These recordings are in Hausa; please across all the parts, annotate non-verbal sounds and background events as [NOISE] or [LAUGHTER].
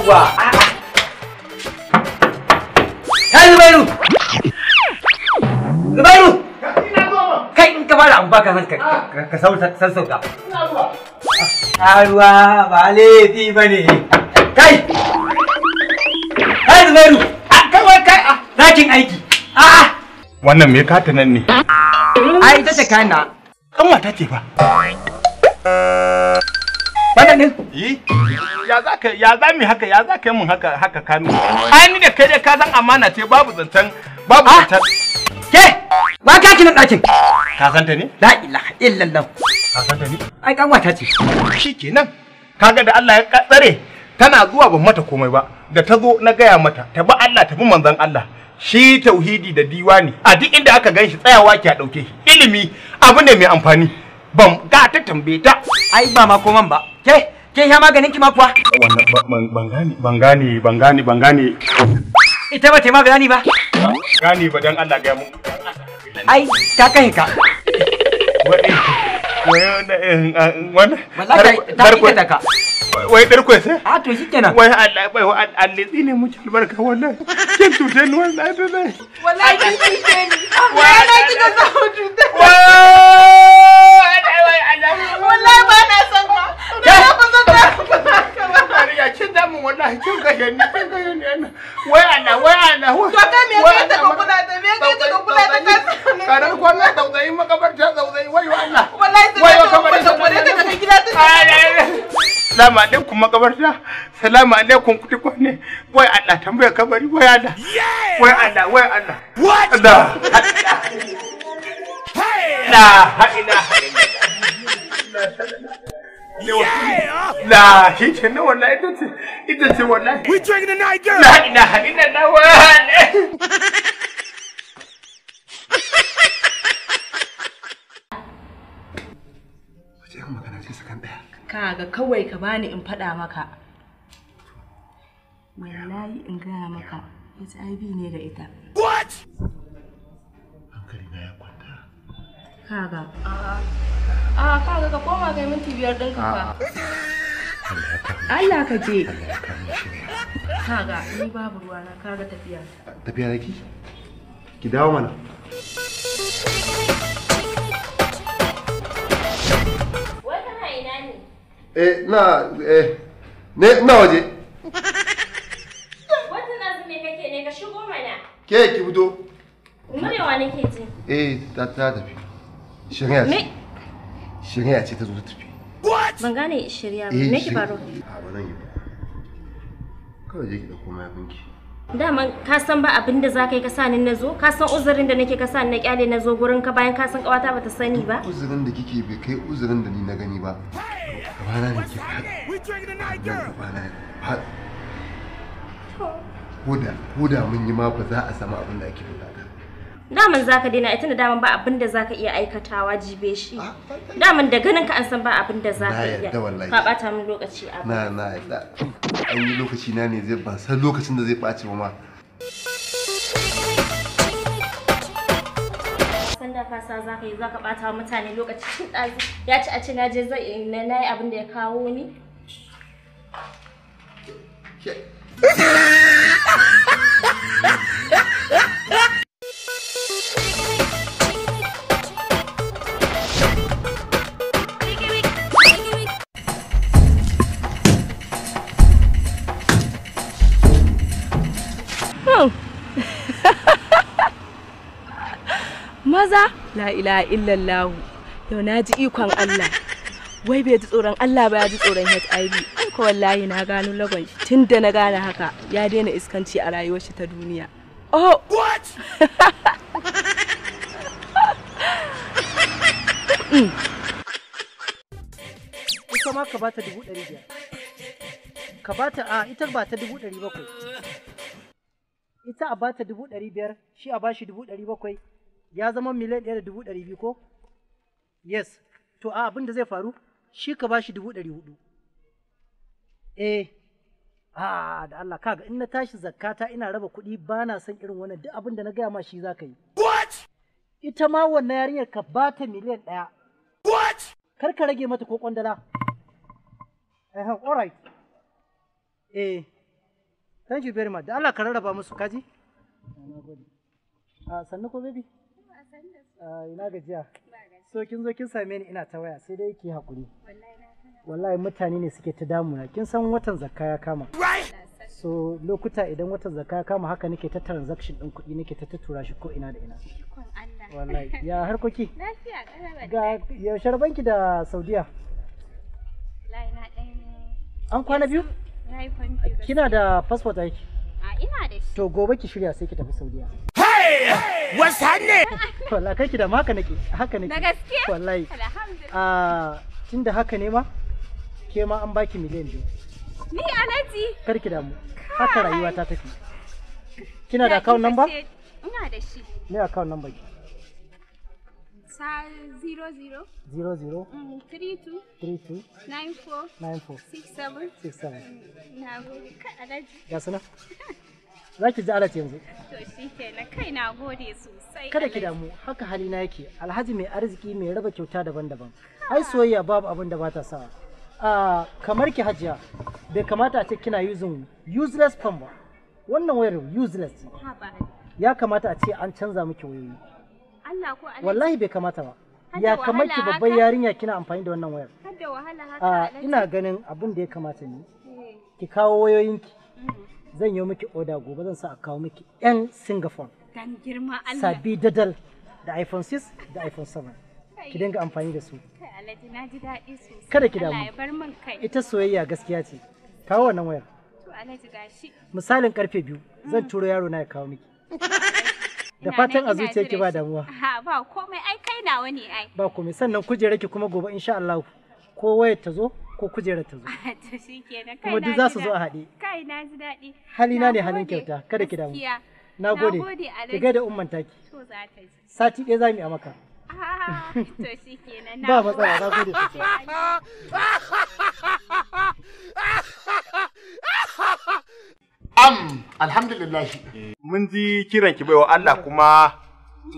yawwa kai zubairu zubairu kai in ka fara abu baka ka sassauka ah, ruwa ba laifi ba ne kai kai zubairu kawai ah, kai a zakin ah, aiki a'a wannan me kata nan ne ai ita ce kana kanwa ta ce ba. ne? Yi? Ya za ka ya za mi haka ya za ka yi mun haka haka ka mi. Ai ni da kai dai ka san amana ce babu zantan babu ah! zantan. Ke ba ka kina ɗakin. Ka san ta ne? La ilaha illallah. Ka san ta ne? Ai kan wata ce. Shikenan. Kaga da Allah ya tsare tana zuwa ban mata komai ba da ta zo na gaya mata ta bi Allah ta bi manzon Allah shi tauhidi da diwani a duk inda aka gan shi tsayawa ki a ɗauke shi ilimi abu ne mai amfani ban ga ta tambaye ta ai ba ma koman ba ke ke sha maganin ki ma kuwa wannan ban gane ban gane ban gane ban gane ita ba ta magani ba gani ba dan Allah ga mu ai ta kai ka wai wai eh, eh, ta ka wai darko sai a to shikenan wai Allah bai wa allizi ne mu albarka wallahi kin tute ni wallahi wallahi kin tute ni wallahi kin tute ni mun wallahi kin kashe ni kin kashe ni wai ana wai ana to kai me kai ta kokula ta me kai ta kokula ta kan karar kwana tausayi makabarta tausayi wai Allah wallahi sai ka kokula ta kai gida ta Salamu alaikum makabarta salamu alaikum kuti kwane wai Allah tambaya kabari wai Allah wai Allah wai Allah what Da. Hey. Allah Allah Allah La na wallahi ita ita ce wallahi. We drink na Kaga kawai ka bani in faɗa maka. Wallahi in gaya maka HIV ne da ita. What? Hankali na ya kwanta. Kaga. a ah, ka ga ka koma kai minti biyar din ka fa ah, ah. Allah ka je kaga ni babu ruwa na kaga tafiya tafiya da ki ki dawo mana wata na ina ne eh na eh ne na waje wata na zume kake ne ka shigo mana ke ki fito murewa nake ji eh ta tafi shirya ne shirya ce ta zo ta tafi ban gane shirya ba eh, me ki faru a ba zan yi ba kawai je ki dauko mayafin ki dama ka san ba abin da za ka yi ka sani na zo ka san uzurin da nake ka sani na kyale na zo gurin ka bayan ka san kawata ba ta sani ba uzurin da kike bai kai uzurin da ni na gani ba gabana ne ke gabana ko da mun yi ma ba za a samu abin da ake buƙata Daman zaka daina ita da daman ba abin da zaka iya aikatawa jibe shi. Ah, daman da ganin ka an san ba abin da zaka iya. Ka bata min lokaci a Na na yadda. An yi lokaci na ne zai ban san lokacin da zai ɓaci ba ma. da fasa za ka yi za ka ɓata wa mutane lokacin ɗazu ya ci a ce na je zai na yi abin da ya kawo ni. maza la ilaha illallah yau na ji ikon Allah wai bai ji tsoron Allah ba ya ji tsoron HIV ko wallahi na gano lagon shi tun na gane haka ya daina iskanci a rayuwar shi ta duniya oh what [LAUGHS] ita ma ka bata dubu ɗari biyar ka bata a ita ba ta dubu ɗari bakwai ita a bata dubu ɗari biyar shi a bashi dubu ɗari bakwai ya zama miliyan ɗaya da dubu ɗari biyu ko yes to a abin da zai faru shi ka bashi dubu ɗari hudu eh a da Allah kaga in na tashi zakata ina raba kuɗi ba na son irin wannan duk abin da na gaya ma shi za ka yi what ita ma wannan yarinyar ka ba ta miliyan ɗaya what kar ka rage mata ko kwandala eh all right eh thank you very much da Allah ka rarraba musu kaji sannu ko baby Ah, ina gajiya. So kin zo kin same ni ina ta waya sai dai ki hakuri. Wallahi mutane ne suke ta damuna. Kin san watan zakka ya kama. So lokuta idan watan zakka ya kama haka nake ta transaction din kuɗi nake ta tura shi ko ina da ina. Wallahi [LAUGHS] ya harkoki. Ga yaushe banki da Saudiya. An kwana biyu? Kina da passport aiki? ina da shi. To gobe ki shirya sai ki tafi Saudiya. wasu wallahi kai haka nake haka nake na wallahi alhamdulillah ah, haka ne ma ke ma an baki miliyan biyu ni alaji kar ki damu haka rayuwa ta tafi kina da account number ina da shi account number ki sa 00 00 32 32 94 94 67 67 na gode alaji ga [LAUGHS] za ki ji alat yanzu to kai na gode sosai kada ki damu haka hali na yake alhaji mai arziki mai raba kyauta daban-daban ai soyayya babu abin da ba ta sa ah, kamar ki hajiya bai kamata a ce kina using useless phone ba wannan wayar useless ya kamata a ce an canza miki wayoyi Allah ko Allah wallahi bai kamata ba ya kamar ki babban yarinya kina amfani da wannan wayar ah, ina ganin abin da ya kamata ne eh. ki kawo wayoyinki mm-hmm. zan yi miki oda gobe zan sa a kawo miki yan singapore dan girma Allah sabi dadal da iphone 6 da iphone 7 ki dinga amfani da su kada ki damu ita soyayya gaskiya ce kawo wannan wayar misalin karfe biyu mm. zan turo yaro na ya kawo miki [LAUGHS] da fatan a zuciyarki ba damuwa ba komai ai kai nawa ne ai ba komai sannan kujerar ki kuma gobe insha Allah ko wayar ta zo ko kujerar ta zo. [LAUGHS] To shikenan za su zo a haɗe. Kai na ji daɗi. Halina ne halin kyauta kada ki damu. Na gode. Ki ga da umman taki. To za ta ji. Sati ɗaya za mu yi a maka. Ah, to shikenan. Ba matsala na gode. Am alhamdulillah. Mun ji kiran ki baiwa Allah kuma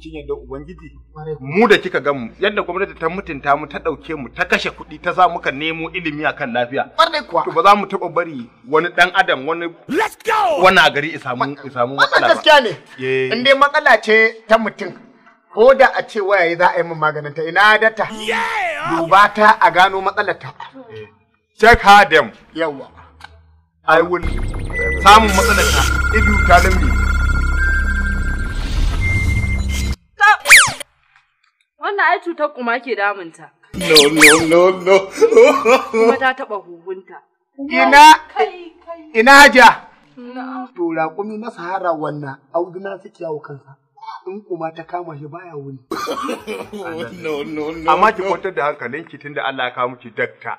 cinye da ubangiji mu da kika gamu yadda gwamnati ta mutunta mu ta dauke mu ta kashe kuɗi ta sa muka nemo ilimi akan lafiya kuwa to ba za mu taba bari wani dan adam wani let's go wani gari isamu isamu matsala ba gaskiya ne eh. in dai matsala ce ta mutum ko da a ce wayaye za a yi min maganin ta ina data duba ta a gano matsalar ta check eh. her them yawa i will samun matsalar ta idu you wannan ai cutar kuma ke damunta. No, no, no, no. Kuma ta taɓa huhunta. Ina, ina haja. To raƙumi na sahara wannan auduna sike yawo kansa. In kuma ta kama shi baya wuni. No, no, no. Amma ki kwantar da hankalinki tunda Allah ya kawo miki dakta.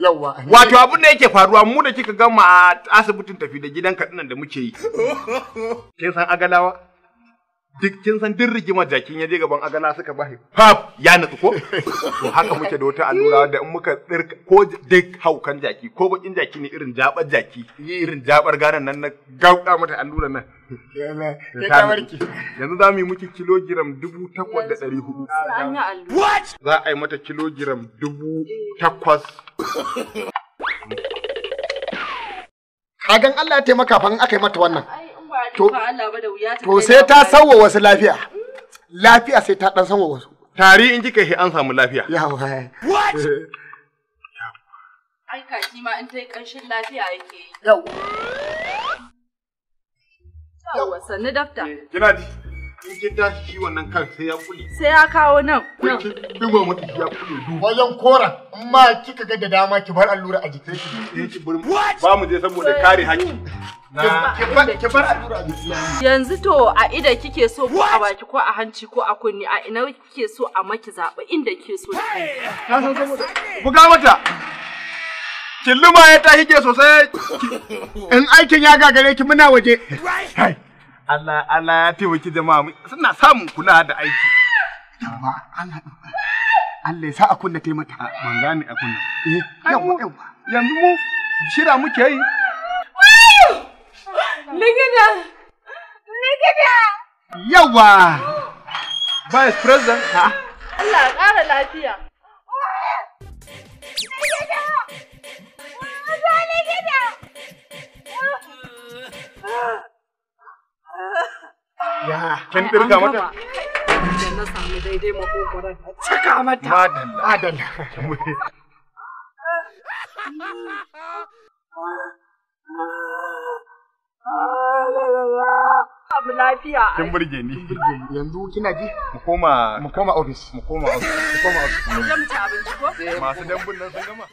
Yawwa. Wato abin da yake faruwa mu da kika gama a asibitin tafi da gidanka kaɗinan da muke yi. [LAUGHS] Kin san agalawa? duk kin san duk rigimar jakin ya je gaban agana suka ba fab ya nutsu ko to haka muke da wata allura da in muka tsirka ko duk haukan jaki ko bakin jaki ne irin jabar jaki irin jabar ganan nan na gauka mata allura nan yanzu za mu yi miki kilogiram dubu takwas da ɗari hudu za a yi mata kilogiram dubu takwas kagan Allah ya taimaka fa in aka yi mata wannan To sai ta sanwa wasu lafiya. Lafiya sai ta dan sanwa wasu. Tari in kika shi an samu lafiya. Yawa. What? Ai kaji ma in tai kanshin lafiya yake yi. Yau. Yawa sannu dafta. Eh, kina ji? In tashi shi wannan kan sai ya kule. Sai ya kawo nan. Wajen kora. In ma ga da dama ki bar allura a jikin ki. Eh, ba mu je saboda kare Yanzu to a ida kike so ko a baki ko a hanci ko a kunni a ina kike so a maki zaɓi inda kike so. ku ga buga mata. Killuma ya ta hige sosai in aikin ya gagare ki muna waje. Allah Allah ya taimaki jama'a suna samun kula da aiki. Amma Allah Allah ya sa a kunna kai mata mangani a kunna. Eh, yawa yawa. Yanzu mu shira muke yi. [LAUGHS] Likita! Likita! Yawa! Vice President? Allah lafiya. Ya, kin dirga mata? samu daidai Caka mata. Madalla. [LAUGHS] abu lafiya kin burge ni yanzu kina ji mu koma mu koma office mu koma office mu koma office mu ci abinci ko masu dambun nan sun gama